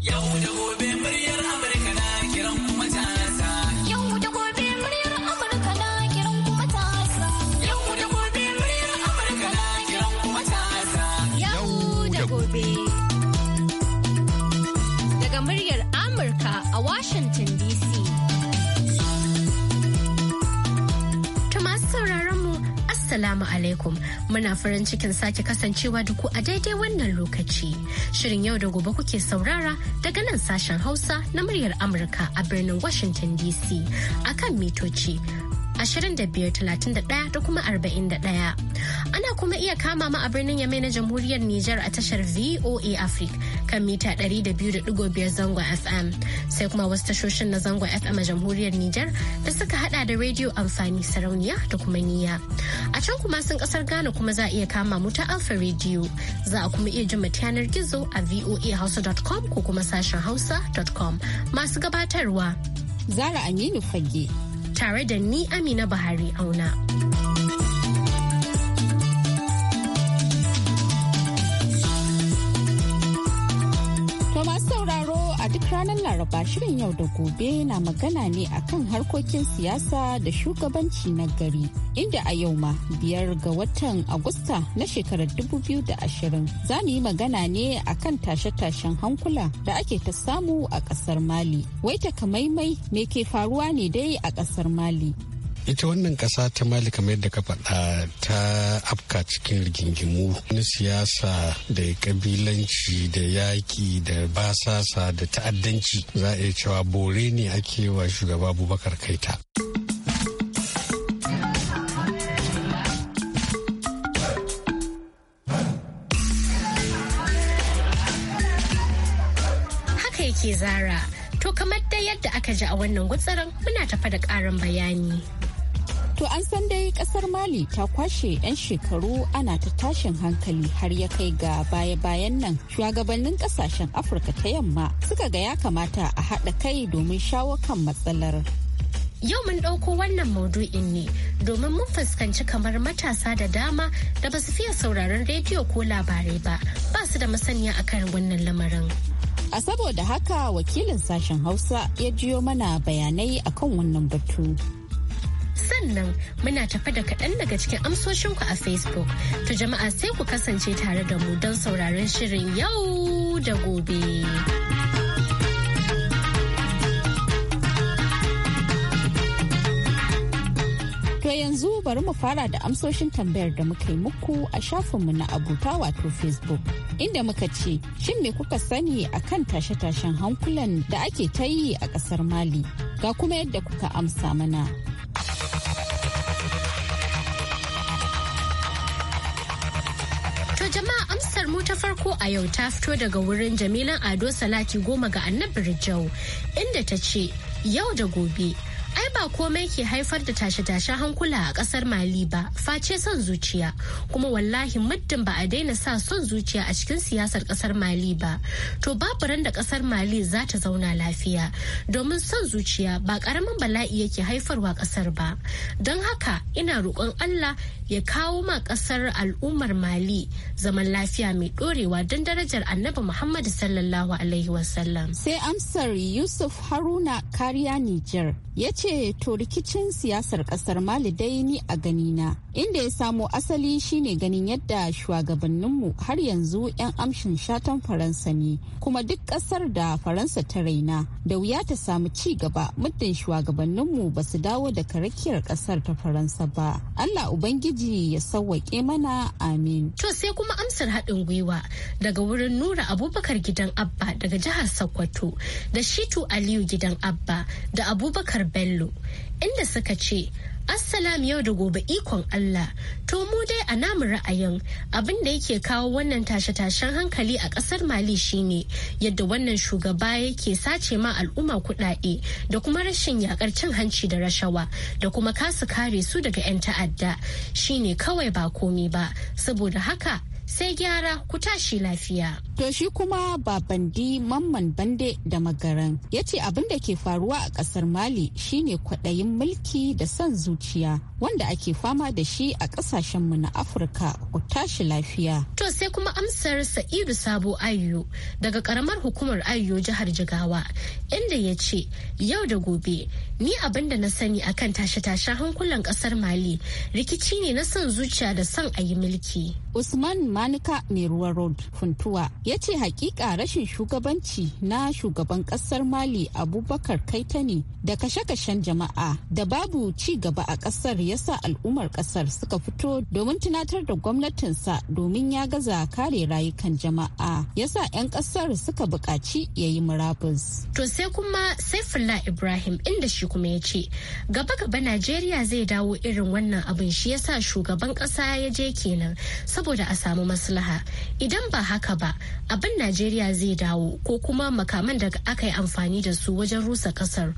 Yawo. alaikum muna farin cikin sake kasancewa duku a daidai wannan lokaci. Shirin yau da gobe kuke saurara daga nan sashen Hausa na muryar Amurka a birnin Washington DC akan mitoci 25,31 da kuma 41. Ana kuma iya kama ma a birnin Yamai na Jamhuriyar niger a tashar VOA Africa kan mita 200.5 zangon FM sai kuma wasu tashoshin na zangon FM a jamhuriyar Nijar da suka hada da rediyo amfani sarauniya da kuma niya A can kuma sun kasar Ghana kuma za a iya kama mu ta Alfa rediyo za a kuma iya jin mu yanar gizo a voahausa.com ko kuma sashen hausa.com masu gabatarwa. Zara Aminu Fage. Tare da ni Amina Buhari auna. Laraba shirin yau da gobe na magana ne akan harkokin siyasa da shugabanci na gari. Inda a yau ma biyar ga watan Agusta na shekarar dubu biyu 2020 za mu yi magana ne akan tashe-tashen hankula da ake ta samu a kasar Mali. Wai takamaimai me ke faruwa ne dai a kasar Mali. ita wannan ƙasa ta mali kamar yadda ka faɗa ta afka cikin rigingimu na siyasa da kabilanci da yaƙi da basasa da ta'addanci za a iya cewa bore ne ake wa shugaba abubakar kaita. yake zara. To kamar da yadda aka ji a wannan gutsarin muna tafa da ƙarin bayani. To an san dai kasar Mali ta kwashe 'yan shekaru ana ta tashin hankali har ya kai ga baya-bayan nan shugabannin kasashen Afirka ta yamma suka ga ya kamata a haɗa kai domin shawo kan matsalar. Yau mun ɗauko wannan maudu'in ne domin mun fuskanci kamar matasa da dama da ba su fiye sauraron rediyo ko labarai ba ba su da masaniya akan wannan lamarin. A saboda haka wakilin sashen Hausa ya jiyo mana bayanai akan wannan batu. sannan muna tafa da kaɗan daga cikin amsoshinku a facebook to jama'a sai ku kasance tare da mu don sauraron shirin yau da gobe. To yanzu bari mu fara da amsoshin tambayar da muka yi muku a shafinmu na abuta wato Facebook. Inda muka ce, shin me kuka sani akan tashe-tashen hankulan da ake ta yi a ƙasar Mali? Ga kuma yadda kuka amsa mana. mu ta farko a yau ta fito daga wurin Jamilan Ado Salati goma ga Annabi jau inda ta ce yau da gobe ai ba komai ke haifar da tashe-tashen hankula a kasar mali ba face son zuciya kuma wallahi muddin ba a daina sa son zuciya a cikin siyasar kasar mali ba to babu ran da kasar mali za ta zauna lafiya domin son zuciya ba karamin bala'i yake haifarwa kasar ba don haka ina roƙon allah ya kawo ma kasar al'ummar mali zaman lafiya mai ɗorewa don darajar annabi muhammadu sallallahu alaihi wasallam sai amsar yusuf haruna kariya nijar ya ce ce to rikicin siyasar kasar mali dai ni a ganina inda ya samo asali shine ganin yadda shugabanninmu har yanzu 'yan amshin shatan faransa ne kuma duk kasar da faransa ta raina da wuya ta samu ci gaba muddin shugabanninmu ba su dawo da karakiyar kasar ta faransa ba allah ubangiji ya sauwaƙe mana amin to sai kuma amsar haɗin gwiwa daga wurin nura abubakar gidan abba daga jihar sokoto da shitu aliyu gidan abba da abubakar bello inda suka ce Assalam yau da gobe ikon Allah. To mu dai a namu ra'ayin abin da yake kawo wannan tashe-tashen hankali a ƙasar Mali shine yadda wannan shugaba yake sace ma al'umma kuɗaɗe da kuma rashin yakar cin hanci da rashawa da kuma kasu kare su daga 'yan ta'adda shine kawai ba komi ba saboda haka sai gyara ku tashi lafiya. To shi kuma babandi mamman bande da magaran ya ce abin da ke faruwa a kasar Mali shine kwaɗayin mulki da son zuciya wanda ake fama da shi a mu na Afirka ku tashi lafiya. To sai kuma amsar Sa'idu Sabo Ayyo daga ƙaramar hukumar Ayyo jihar Jigawa inda ya ce yau da gobe ni abin da na sani akan tashe-tashen hankulan kasar Mali rikici ne na son zuciya da son a yi mulki. Usman manuka mai ruwan road funtuwa ya ce hakika rashin shugabanci na shugaban kasar mali abubakar kaita ne da kashe-kashen jama'a da babu ci gaba a kasar yasa al'ummar kasar suka fito domin tunatar da gwamnatinsa domin ya gaza kare rayukan jama'a yasa 'yan kasar suka buƙaci ya yi murabus. to sai kuma fulla ibrahim inda shi kuma ya ce gaba-gaba najeriya zai dawo irin wannan abin shi yasa shugaban ƙasa ya je kenan saboda a samu maslaha idan ba haka ba abin najeriya zai dawo ko kuma makaman da aka yi amfani da su wajen rusa kasar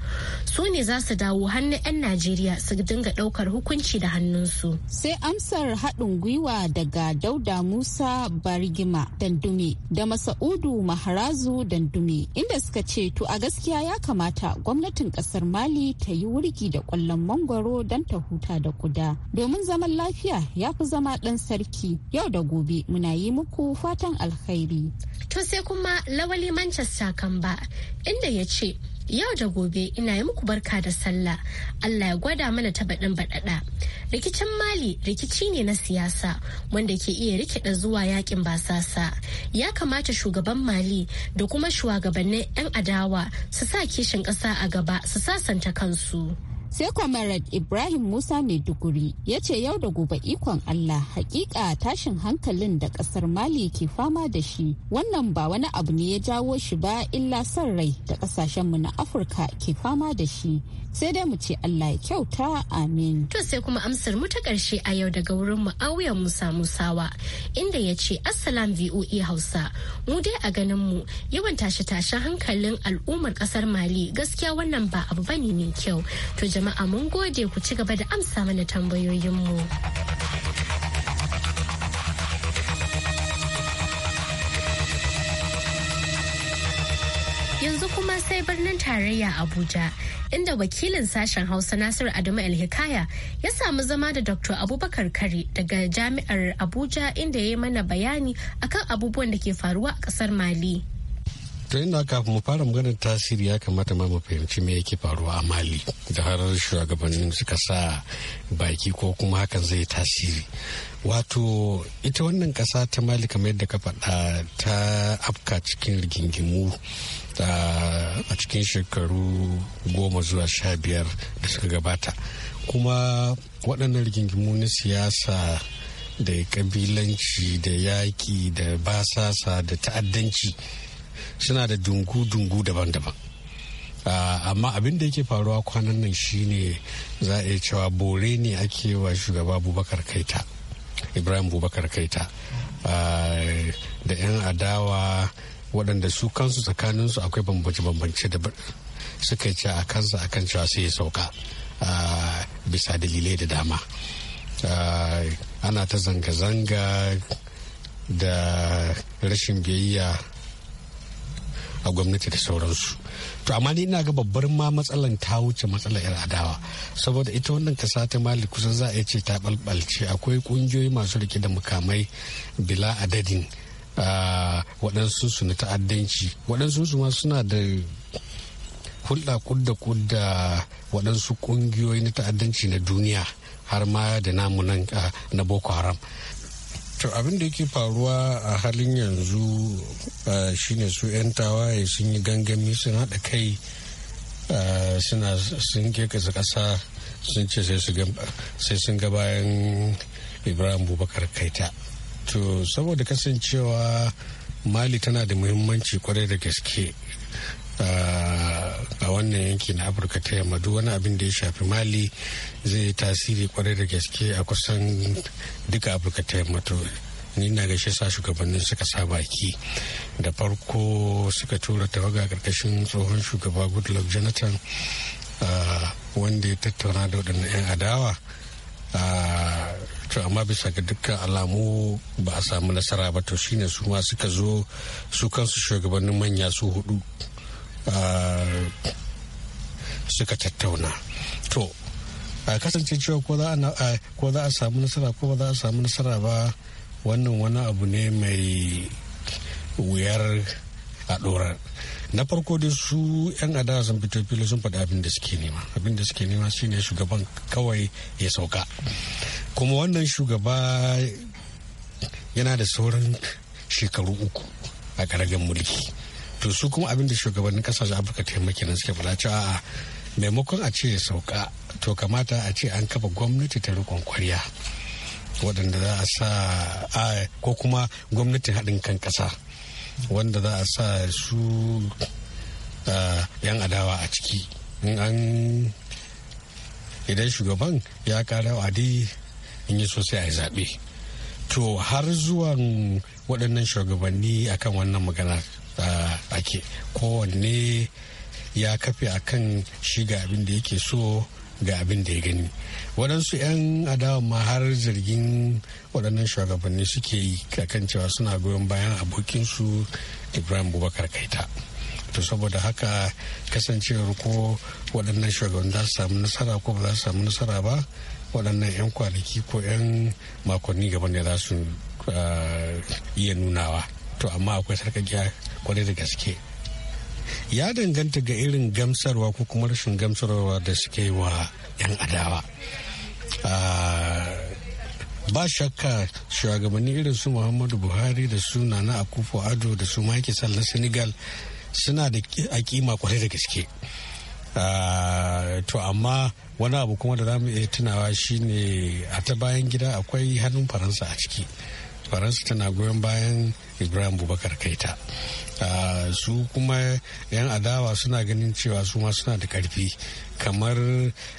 su ne za su dawo hannu 'yan najeriya su dinga daukar hukunci da hannunsu sai amsar haɗin gwiwa daga dauda musa barigima dandumi da masa'udu maharazu dandumi inda suka ce to a gaskiya ya kamata gwamnatin kasar mali ta yi wurgi da kwallon mangwaro don ta huta da kuda domin zaman lafiya ya fi zama ɗan sarki yau da gobe muna yi muku fatan alkhairi. To sai kuma lawali Manchester kan ba inda ya ce yau da gobe ina yi muku barka da sallah Allah ya gwada mana ta baɗin baɗaɗa. Rikicin Mali rikici ne na siyasa wanda ke iya rikida zuwa yakin basasa. Ya kamata shugaban Mali da kuma shugabannin 'yan adawa su sa kishin ƙasa a gaba su sasanta kansu. sai comrade ibrahim musa maiduguri ya ce yau da gobe ikon allah hakika tashin hankalin da kasar mali ke fama da shi wannan ba wani abu ne ya jawo shi ba illa son rai da kasashenmu na afirka ke fama da shi sai dai mu ce allah ya kyauta amin to sai kuma amsar mu ta karshe a yau daga wurin mu'awiyar musa musawa inda ya ce assalam voe hausa mu dai a ganin mu yawan tashe-tashen hankalin al'ummar kasar mali gaskiya wannan ba abu bane mai kyau to jama'a mun gode ku ci gaba da amsa mana tambayoyinmu. Yanzu kuma sai birnin tarayya Abuja. inda wakilin sashen hausa nasir adamu alhikaya ya samu zama da dr abubakar kari daga jami'ar abuja inda ya yi mana bayani akan abubuwan da ke faruwa a kasar mali. ta ina kafin mu fara maganar tasiri ya kamata ma mu fahimci me yake faruwa a mali da har shugabannin suka sa baki ko kuma hakan zai tasiri wato ita wannan kasa ta mali kamar yadda ka faɗa ta afka cikin rigingimu a cikin shekaru goma zuwa sha biyar da suka gabata kuma waɗannan rigingimu na siyasa da kabilanci da yaƙi da basasa da ta'addanci suna da dungu-dungu daban-daban ah, amma abin da yake faruwa kwanan nan shine za a iya cewa bore ne ake wa shugaba bubakar kaita ibrahim bubakar kaita ah, da 'yan adawa waɗanda su kansu tsakaninsu akwai bambance-bambance da suka cewa a kansa a kan cewa sai ya sauka ah, bisa dalilai da dama ana ta zanga-zanga da rashin biyayya a gwamnati da sauransu to amma ni ina ga babbar ma matsalan ta wuce matsalar yar adawa saboda ita wannan kasa ta mali kusan za a ce ta balbalce akwai kungiyoyi masu rike da mukamai bila adadin waɗansu su na ta'addanci waɗansu su ma suna da hulɗa kudda kudda waɗansu ƙungiyoyi na ta'addanci na duniya har ma da namu nan na boko haram to abin da yake faruwa a halin yanzu shine su 'yan tawaye sun yi gangami sun haɗa kai suna sun kekasa ƙasa sun ce sai sun ga bayan ibrahim bubakar kaita to saboda kasancewa mali tana da muhimmanci kwarai da gaske a wannan yanki na afirka ta yamma duk wani abin da ya shafi mali zai yi tasiri kwarai da gaske a kusan duka afirka ta yamma to ni na gaishe sa shugabannin suka sa baki da farko suka tura tawaga karkashin tsohon shugaba goodluck jonathan wanda ya tattauna da waɗannan 'yan adawa to amma bisa ga dukkan alamu ba a samu nasara ba to shine su ma suka zo su kansu shugabannin manya su hudu Uh, suka tattauna to a kasance cewa ko za a samu nasara ko ba za a samu nasara ba wannan wani abu ne mai wuyar a ɗorar na farko da su 'yan adawa sun fito fili sun faɗi abin suke nema abin suke nema shine shugaban kawai ya sauka kuma wannan shugaba yana da sauran shekaru uku a karagen mulki to su kuma abin da shugabannin kasashen afirka ta yamma suke fada cewa a maimakon a ce sauka to kamata a ce an kafa gwamnati ta rikon kwarya waɗanda za a sa ko kuma gwamnatin haɗin kan ƙasa wanda za a sa su yan adawa a ciki in an idan shugaban ya kara wadi in yi sosai a yi zaɓe to har zuwan waɗannan shugabanni akan wannan magana ake kowanne ya kafe a kan shi ga abin da yake so ga abin da ya gani waɗansu 'yan adawa ma har zargin waɗannan shugabanni suke yi kan cewa suna goyon bayan abokinsu ibrahim bubakar kaita to saboda haka kasancewar ko waɗannan shugabanni za su samu nasara ko ba za su samu nasara ba waɗannan 'yan kwanaki ko 'yan makonni gaban da za su iya nunawa to amma akwai sarkakiya kwarai da gaske ya danganta ga irin gamsarwa ko kuma rashin gamsarwa da suke wa 'yan adawa ah, ba shakka shugabanni irin su muhammadu buhari da su nana akufo ado da su maki na senegal suna da akima kwarai da gaske ah, to amma wani abu kuma da za mu iya tunawa shine a ta bayan gida akwai hannun faransa a ciki. faransa tana goyon bayan ibrahim bubakar kaita ah, su kuma 'yan adawa suna ganin cewa su ma suna da karfi kamar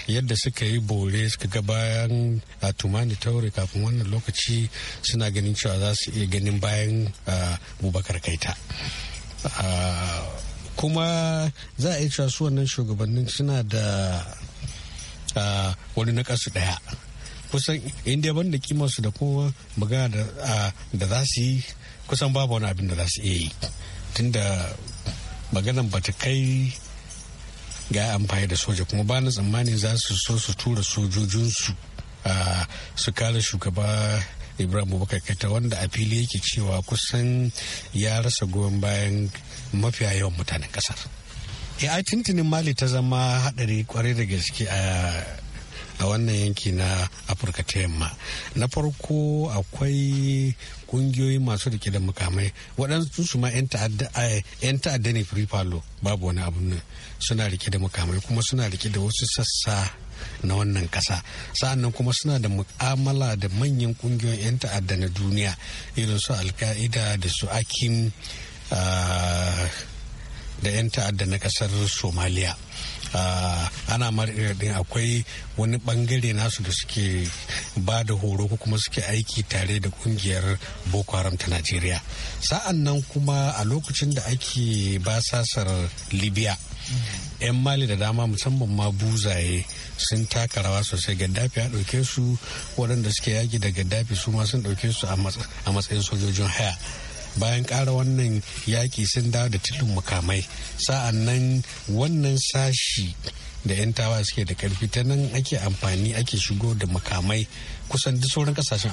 yadda suka yi bore suka ga bayan tumani taure kafin wannan lokaci suna ganin cewa za su iya ganin bayan ah, bubakar kaita ah, kuma za a yi cewa su wannan shugabannin suna da wani na ɗaya kusan inda ban da su da kowa magana da za su yi kusan babu wani abin da za su iya yi tunda maganan ba ta kai ga amfani da soja kuma ba na tsammanin za su so su tura sojojinsu su kare shugaba ibrahim bubakar keta wanda a fili yake cewa kusan ya rasa goyon bayan mafiya yawan mutanen kasar ya eh, tuntunin mali ta zama hadari kwarai da gaske a a wannan yanki na afirka ta yamma na farko akwai kungiyoyi masu rike da mukamai waɗansu su ma 'yan ta'adda eh, ne free palo babu wani abu ne suna rike da mukamai kuma suna rike da wasu sassa na wannan ƙasa sa'annan kuma suna da mu'amala da manyan kungiyoyin 'yan ta'adda na duniya irin su alka'ida da su akim ah, da 'yan ta'adda na ƙasar somaliya Ah, ana ɗin akwai wani bangare nasu da suke ba da horo ko kuma suke aiki tare da kungiyar boko haram ta najeriya sa'an nan kuma a lokacin da ake basasar libya 'yan mali da dama musamman ma buzaye sun taka rawa sosai gaddafi ya ɗauke su waɗanda suke yaki da gaddafi su ma sun ɗauke su a matsayin sojojin haya bayan ƙara wannan yaƙi sun dawo da tilin mukamai sa'an nan wannan sashi da 'yan tawa suke da karfi ta nan ake amfani ake shigo da mukamai kusan duk sauran kasashen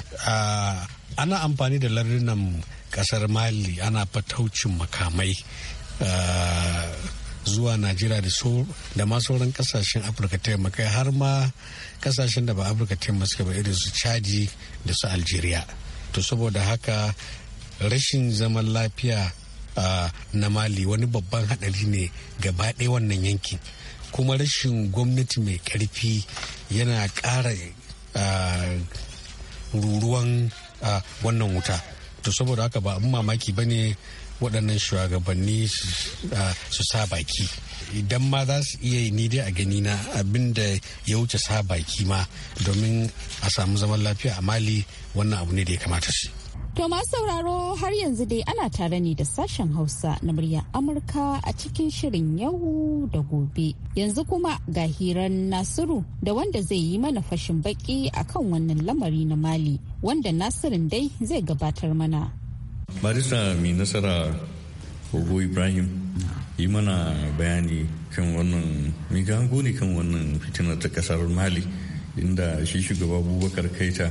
ana amfani da lardunan kasar mali ana fataucin makamai zuwa najeriya da da ma sauran kasashen afirka ta yamma kai har ma kasashen da ba afirka ta yamma suka ba irin su chadi da su algeria to saboda haka rashin zaman lafiya na mali wani babban hadari ne gaba ɗaya wannan yankin kuma rashin gwamnati mai karfi yana ƙara ruruwan wannan wuta to saboda haka ba mamaki ba ne waɗannan shugabanni su sa baki idan ma za su iya yi ni dai a gani na abin da ya wuce sa baki ma domin a samu zaman lafiya a mali wannan abu ne da ya kamata shi To masu sauraro har yanzu dai ana tare ne da sashen Hausa na muryar Amurka a cikin shirin yau da gobe. Yanzu kuma ga hirar Nasiru da wanda zai yi mana fashin baki kan wannan lamari na Mali wanda Nasirin dai zai gabatar mana. Barista mai nasara Ogo Ibrahim yi mana bayani kan wannan migango ne kan wannan fitinar ta kasar Mali inda shi shugaba Abubakar Kaita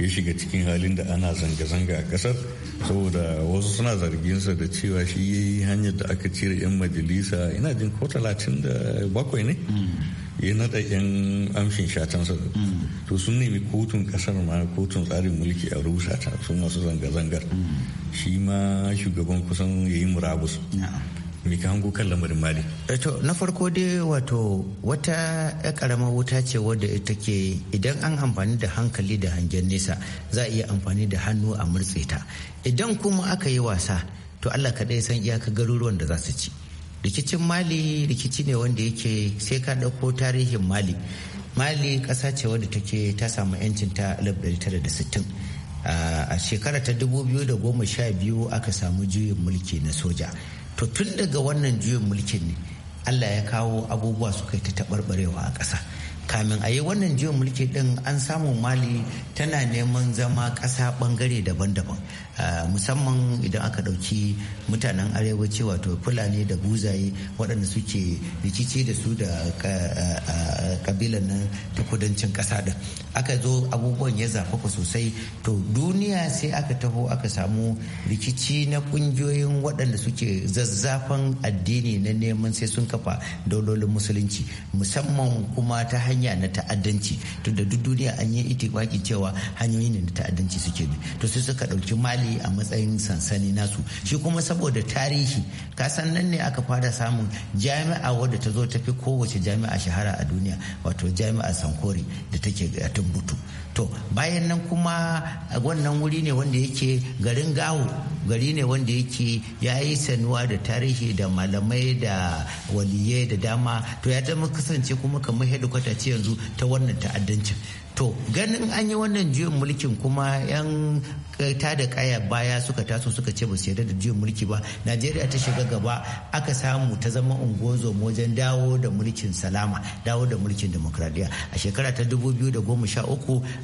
ya shiga cikin halin da ana zanga-zanga a kasar saboda wasu suna zarginsa da cewa shi ya yi hanyar da aka cire 'yan majalisa ina jin ko talatin da bakwai ne mm. ya naɗa 'yan amshin shatansa mm. to sun nemi kotun kasar ma kotun tsarin mulki a rusa ta sun masu zanga-zangar mm. shi ma shugaban kusan ya yi murabus me ka hango kan lamarin mali eh, to na farko dai wato wata karamar wuta ce wadda ita ke idan an amfani da hankali da hangen nesa za a iya amfani da hannu a murtse ta idan kuma aka yi wasa to allah kaɗai san iyaka garuruwan da za su ci rikicin mali rikici ne wanda yake sai ka dauko tarihin mali mali ƙasa ce wadda take ta samu 'yancin ta 1960 a shekara ta 2012 aka samu juyin mulki na soja to tun daga wannan juyin mulkin ne allah ya kawo abubuwa suka yi ta taɓarɓarewa a ƙasa kamin a yi wannan jiyon mulki din an samu mali tana neman zama ƙasa bangare daban-daban musamman idan aka ɗauki mutanen arewaci wato fulani da buzaye waɗanda suke rikici da su da kabilan nan ta kudancin ƙasa da aka zo abubuwan ya zafafa sosai to duniya sai aka taho aka samu rikici na ƙungiyoyin waɗanda suke zazzafan addini na neman sai sun kafa daulolin musulunci musamman kuma ta hanyar hanya na ta'addanci to da duk duniya an yi itibaki cewa hanyoyi ne na ta'addanci suke bi to sai suka ɗauki mali a matsayin sansani nasu shi kuma saboda tarihi kasan nan ne aka fara samun jami'a wadda ta zo tafi kowace jami'a shahara a duniya wato jami'a sankore da take a tumbutu to bayan nan kuma wannan wuri ne wanda yake garin gawo gari ne wanda yake ya yi sanuwa da tarihi da malamai da waliyai da dama to ya zama kasance kuma kamar hedikwata ce yanzu ta wannan ta'addancin to ganin an yi wannan juyin mulkin kuma 'yan eh, ta da kaya baya suka taso suka ce ba su yarda da juyin mulki ba najeriya ta shiga gaba aka samu ta zama ungozo wajen dawo da mulkin salama dawo da mulkin demokradiya a shekara ta 2013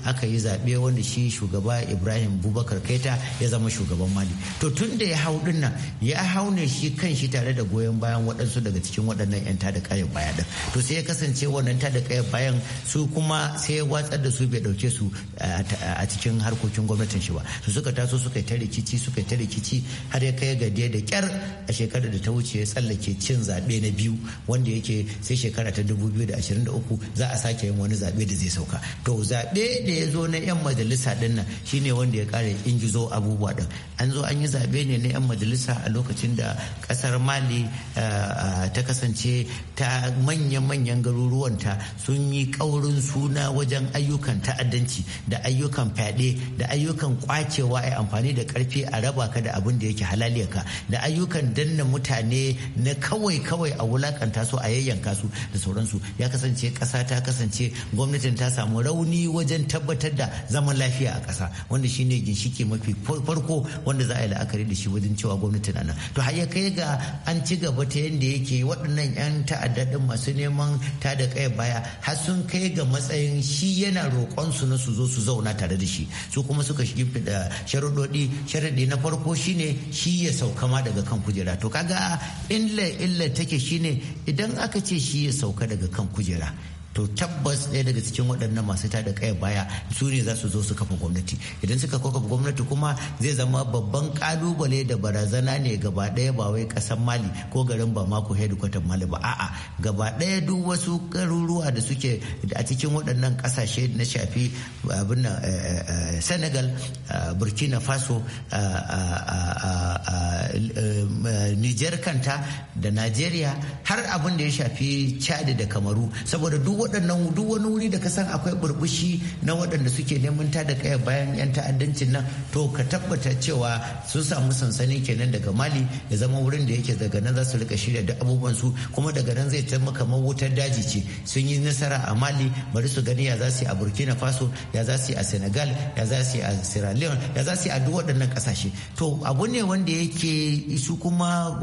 aka yi zaɓe wanda shi shugaba ibrahim bubakar kaita ya zama shugaban mali to tun da ya hau dinnan ya hau ne shi kan shi tare da goyon bayan waɗansu daga cikin waɗannan 'yan ta da kaya baya din to sai ya kasance wannan ta da kaya bayan su kuma sai ya watsar da su bai dauke su a cikin harkokin gwamnatin shi ba su suka taso suka ta rikici suka ta rikici har ya kai ga da kyar a shekarar da ta wuce ya tsallake cin zaɓe na biyu wanda yake sai shekara ta 2023 za a sake yin wani zaɓe da zai sauka to zaɓe da ya zo na yan majalisa ɗin nan shine wanda ya kare ingizo abubuwa din an zo an yi zaɓe ne na 'yan majalisa a lokacin da ƙasar mali eh, eh, ta kasance ta manyan-manyan garuruwanta sun yi ƙaurin suna wajen ayyukan ta'addanci da ayyukan fyaɗe da ayyukan kwacewa a amfani da ƙarfi a raba ka da abin da yake halaliyaka da ayyukan danna mutane na kawai-kawai a wulakanta su a yayyanka su da sauransu ya kasance ƙasa ta kasance gwamnatin ta samu rauni wajen tabbatar da zaman lafiya a ƙasa wanda shine ginshiki mafi farko wanda za a yi la'akari da shi wajen cewa gwamnati na nan to hayya kai ga an ci gaba ta yadda yake waɗannan 'yan ta'adda din masu neman ta da kai baya har sun kai ga matsayin shi yana roƙon su na su zo su zauna tare da shi su kuma suka shimfi da sharuɗoɗi sharaɗi na farko shine shi ya sauka ma daga kan kujera to kaga illa illa take shine idan aka ce shi ya sauka daga kan kujera to tabbas ɗaya daga cikin waɗannan masu tada kai baya su ne za su zo su kafa gwamnati idan suka kafa gwamnati kuma zai zama babban kalubale da barazana ne gaba ɗaya ba wai ƙasar mali ko garin ba mako hedikwatar mali ba a'a gaba ɗaya duk wasu garuruwa da suke a cikin waɗannan ƙasashe na shafi abin eh, eh, eh, senegal burkina faso niger kanta da nigeria har abin da ya shafi chad da kamaru saboda duk waɗannan duk wani wuri da ka san akwai burbushi na waɗanda suke neman ta da kaya bayan 'yan ta'addancin nan to ka tabbata cewa sun samu sansani kenan daga mali da zama wurin da yake daga nan za su rika shirya da abubuwan su kuma daga nan zai taimaka kamar wutar daji ce sun yi nasara a mali bari su gani ya za su yi a burkina faso ya za su yi a senegal ya za su yi a sierra leone ya za su yi a duk waɗannan ƙasashe to abu ne wanda yake su kuma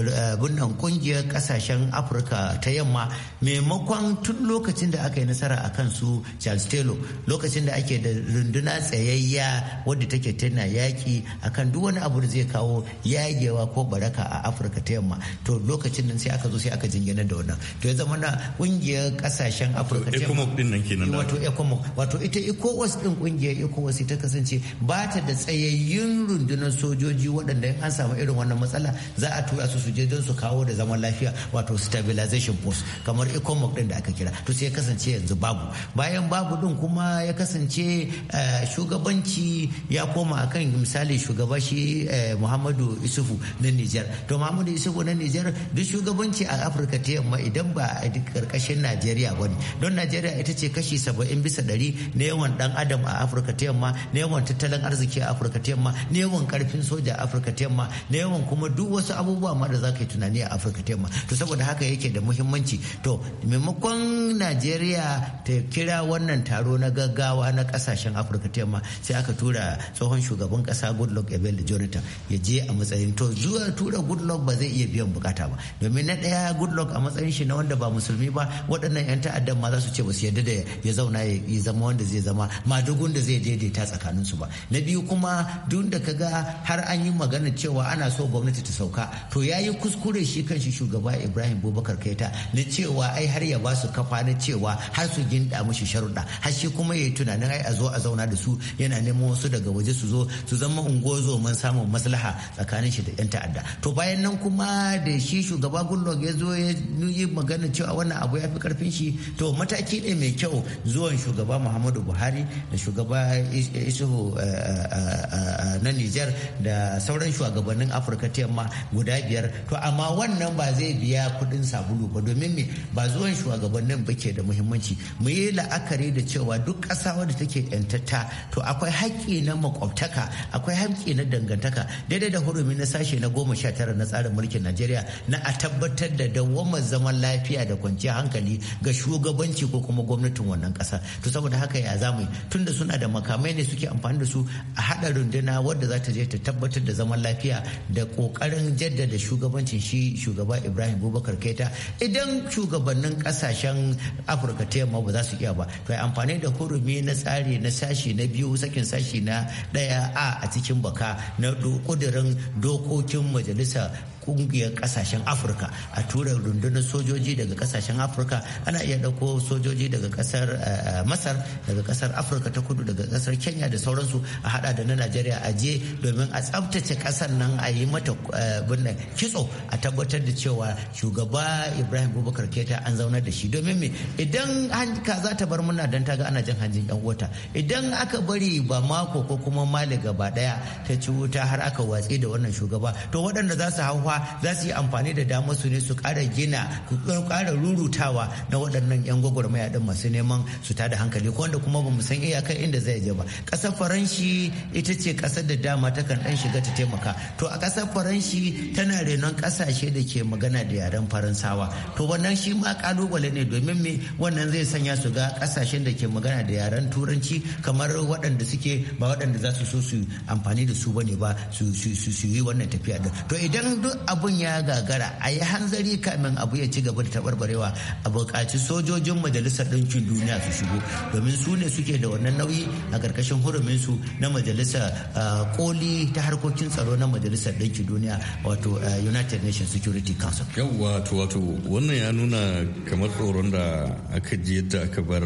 eh, bunnan kungiyar ƙasashen afirka ta yamma maimakon tun lokacin da aka yi nasara a kan su charles taylor lokacin da ake da runduna tsayayya wadda take tana yaki akan duk wani abu da zai kawo yagewa ko baraka a afirka ta yamma to lokacin nan sai aka zo sai aka jingina da wannan to ya zama na kungiyar kasashen afirka ta yamma wato ecomoc wato ita ecowas din kungiyar ecowas ta kasance ba ta da tsayayyun rundunar sojoji waɗanda in an samu irin wannan matsala za a tura su su je don su kawo da zaman lafiya wato stabilization post kamar ecomoc din da aka aka kira to sai ya kasance yanzu babu bayan babu din kuma ya kasance eh, shugabanci ya koma akan misali shugaba shi eh, muhammadu isufu na nijar to muhammadu isufu na nijar duk shugabanci a afirka ta yamma idan ba a karkashin najeriya ba ne don najeriya ita ce kashi saba'in bisa ɗari na yawan dan adam a afirka ta yamma na yawan tattalin arziki a afirka ta yamma na yawan karfin soja a afirka ta yamma na yawan kuma duk wasu abubuwa ma da za ka yi tunani a afirka ta yamma to saboda haka yake da muhimmanci to maimakon maimakon najeriya ta kira wannan taro na gaggawa na kasashen afirka ta yamma sai aka tura tsohon shugaban kasa goodluck ebele jonathan ya je a matsayin to zuwa tura goodluck ba zai iya biyan bukata ba domin na ɗaya goodluck a matsayin shi na wanda ba musulmi ba waɗannan yan ta'addan ma za su ce ba su yarda da ya zauna ya zama wanda zai zama madugun da zai daidaita tsakanin su ba na biyu kuma duk da ka ga har an yi magana cewa ana so gwamnati ta sauka to yayi kuskure shi kan shi shugaba ibrahim bubakar kaita na cewa ai har ya ba su kafa na cewa har su ginda mushi sharuɗa har shi kuma ya yi tunanin ai a zo a zauna da su yana neman wasu daga waje su zo su zama man samun maslaha tsakanin shi da yan ta'adda to bayan nan kuma da shi shugaba gullog ya zo ya yi magana cewa wannan abu ya fi karfin shi to mataki ne mai kyau zuwan shugaba Muhammadu Buhari da shugaba Isuhu eh, eh, eh, na Nijar da sauran shugabannin Afirka ta yamma guda biyar to amma wannan ba zai biya kuɗin sabulu ba domin me ba zuwan shugaba shugabannin ba ke da muhimmanci mu yi la'akari da cewa duk ƙasa wadda take yantata to akwai haƙƙi na makwabtaka akwai haƙƙi na dangantaka daidai da hurumi na sashe na goma sha tara na tsarin mulkin najeriya na a tabbatar da dawamar zaman lafiya da kwanciyar hankali ga shugabanci ko kuma gwamnatin wannan ƙasa to saboda haka ya zamu tunda suna da makamai ne suke amfani da su a haɗa runduna wadda za ta je ta tabbatar da zaman lafiya da ƙoƙarin jaddada shugabancin shi shugaba ibrahim bubakar keta idan shugabannin ƙasashe kasashen afirka ta yamma ba za su iya ba kai amfani da hurumi na tsari na sashi na biyu sakin sashi na daya a a cikin baka na kudurin dokokin majalisa kungiyar kasashen afirka a tura rundunar sojoji daga kasashen afirka ana iya dauko sojoji daga kasar eh, eh, masar daga kasar afirka ta kudu daga kasar kenya da sauransu a hada da na najeriya a je domin a tsabtace kasar nan a yi mata eh, kitso a tabbatar da cewa shugaba ibrahim bubakar keta an zaunar da shi domin me idan hanka za ta bar muna dan ta ga ana jin hanjin yan wata idan aka bari ba mako ko kuma mali gaba daya ta ci wuta har aka watsi da wannan shugaba to waɗanda za su hauwa za su yi amfani da damar su ne su kara gina ƙara rurutawa na waɗannan 'yan gwagwarmaya ɗin masu neman su tada hankali ko wanda kuma ba mu san iyakar inda zai je ba ƙasar faranshi ita ce ƙasar da dama takan ɗan shiga ta taimaka to a ƙasar faranshi tana renon ƙasashe da ke magana da yaren faransawa to wannan shi ma ƙalubale ne domin me wannan zai sanya su ga ƙasashen da ke magana da yaren turanci kamar waɗanda suke ba waɗanda za su so su amfani da su bane ba su yi wannan tafiya to idan duk abun ya gagara a yi hanzari kamin abu ya ci gaba da tabarbarewa a bukaci sojojin majalisar ɗinkin duniya su shigo domin su ne suke da wannan nauyi a ƙarƙashin hurumin su na majalisar koli ta harkokin tsaro na majalisar ɗinkin duniya wato united nations security council yau wato wannan ya nuna kamar tsoron da aka ji yadda aka bar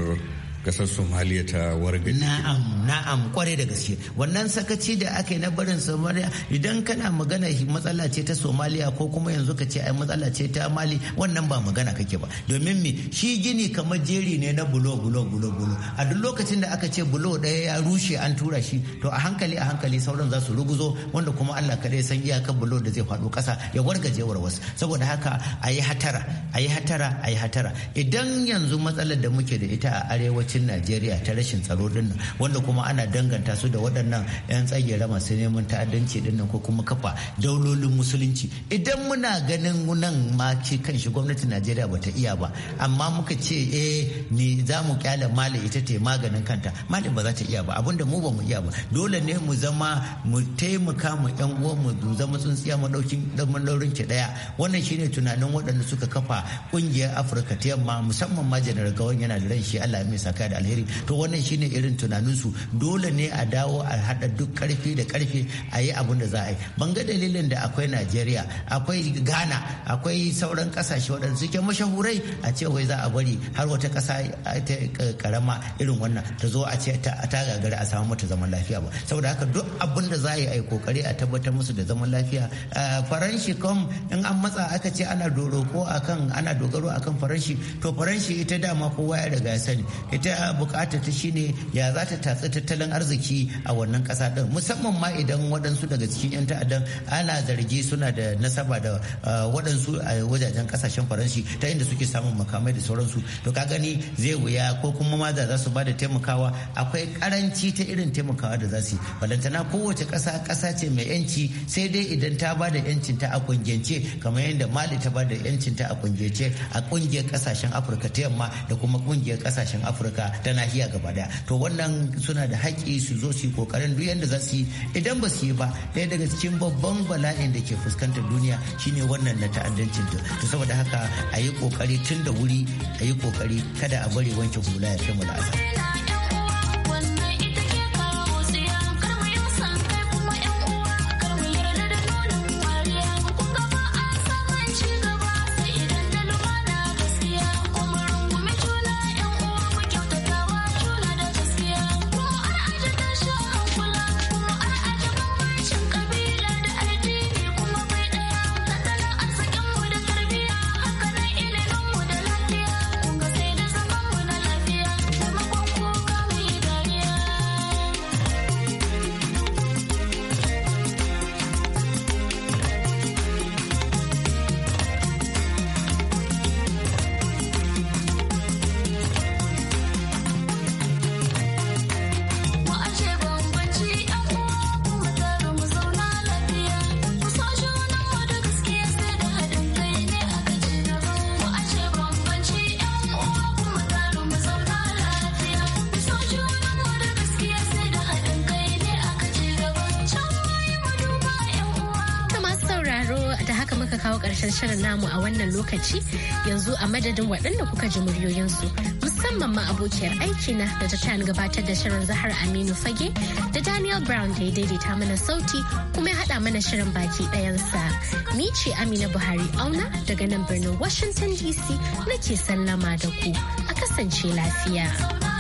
kasar somaliya ta warga na'am na'am kwarai da gaske wannan sakaci da aka na barin somaliya idan kana magana matsala ce ta somaliya ko kuma yanzu ka ce ai matsala ce ta mali wannan ba magana kake ba domin me shi gini kamar jeri ne na bulo bulo bulo bulo a duk lokacin da aka ce bulo ɗaya ya rushe an tura shi to a hankali a hankali sauran za su ruguzo wanda kuma Allah kadai san iyakar bulo da zai faɗo kasa ya wargajewar wasu saboda haka a yi hatara a yi hatara a yi hatara idan yanzu matsalar da muke da ita a arewacin arewacin najeriya ta rashin tsaro nan wanda kuma ana danganta su da waɗannan 'yan tsagera masu neman ta'addanci nan ko kuma kafa daulolin musulunci idan muna ganin nan ma ce kan shi gwamnatin najeriya bata iya ba amma muka ce eh ni za mu kyale mali ita ta maganin kanta mali ba za ta iya ba abinda mu ba mu iya ba dole ne mu zama mu taimaka mu yan uwan mu zama tsintsiya mu daukin mun daurin ki daya wannan shine tunanin waɗanda suka kafa kungiyar afirka ta yamma musamman ma janar gawan yana da ran shi Allah ya mai saka barka da alheri to wannan shine irin tunaninsu dole ne a dawo a haɗa duk karfi da karfe a yi abin da za a yi ban ga dalilin da akwai najeriya akwai ghana akwai sauran kasashe waɗanda suke mashahurai a ce wai za a bari har wata ƙasa ta karama irin wannan ta zo a ce ta gagari a samu mata zaman lafiya ba saboda haka duk abin da za a yi a yi kokari a tabbatar musu da zaman lafiya faranshi kom in an matsa aka ce ana ko akan ana dogaro akan faranshi to faranshi ita dama kowa ya riga ya sani ita ita bukatar ta shine ya za ta tatsi tattalin arziki a wannan kasa din musamman ma idan waɗansu daga cikin 'yan ta'addan ana zargi suna da nasaba da uh, waɗansu a wajajen kasashen faransi ta inda suke samun makamai da sauransu to ka gani zai wuya ko kuma ma za su ba taimakawa akwai karanci ta irin taimakawa da za su yi balantana kowace ƙasa ƙasa ce mai yanci sai dai idan ta bada da yancin ta a kungiyance kamar yadda mali ta ba da yancin ta a kungiyance a kungiyar ƙasashen afirka ta yamma da kuma kungiyar ƙasashen afirka ƙasa ta nahiya gaba daya to wannan suna da haƙƙi su zo su yi ƙoƙarin duk yadda za su yi idan ba su yi ba ɗaya daga cikin babban bala'in da ke fuskantar duniya shine wannan na ta'addancin to saboda haka a yi ƙoƙari tun da wuri a yi ƙoƙari kada a bari wanke hula ya fi mu la'asar. lokaci yanzu a madadin waɗanda kuka ji muryoyinsu musamman ma abokiyar aiki na da ta tani gabatar da shirin Zahar Aminu Fage da Daniel Brown da ya daidaita mana sauti kuma ya haɗa mana shirin baki ɗayansa. Ni ce Amina Buhari Auna daga nan birnin Washington DC nake sallama da ku a kasance lafiya.